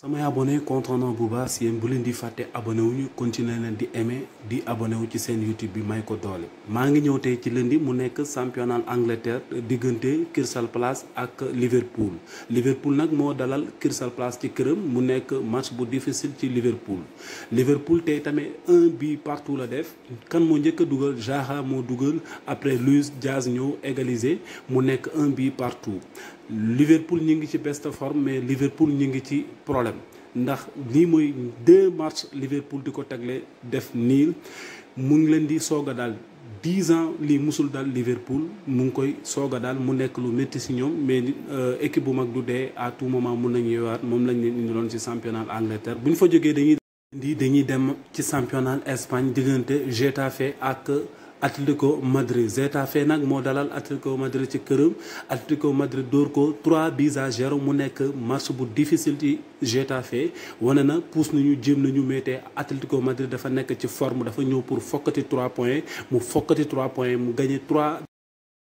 samay abonné contre bu baax si en bu leen di fàtte abonné wu ñu continuer leen di aimer di abonné wu ci sen YouTube bi may ko dolé ma ngi ñëw té ci lundi mu nekk championnat Angleterre diggante Crystal Palace ak Liverpool Liverpool nak mo dalal Crystal Palace ci kërëm mu nekk match bu difficile ci Liverpool Liverpool té tamé un but partout la def kan mo njëkk a jaha mo moo après Luis Diaz ñëw égaliser mu nekk un but partout Liverpool ñu ngi ci best forme mais Liverpool ñu ngi ci problème ndax lii mooy march matchs Liverpool di ko tegle def niil mu ngi leen di soog a daal dix ans lii musul daal Liverpool mu ngi koy soog a daal mu nekk lu métti si ñoom mais euh, équipe bu mag du dee à tout moment mun nañu yeewaat moom lañ leen indi loon ci championnat Angleterre bu ñu fa jógee dañuy. di dañuy dem ci championnat Espagne diggante Getafe ak. Atlético Madrid Getafe nag moo dalal Atlético Madrid ci këram Atlético Madrid dóor ko trois bisa à mu nekk match bu difficile ci Getafe wane na pousse nañu jéem nañu mettee Atlético Madrid dafa nekk ci forme dafa ñëw pour fokkati 3 points mu fokkati 3 points mu gagné 3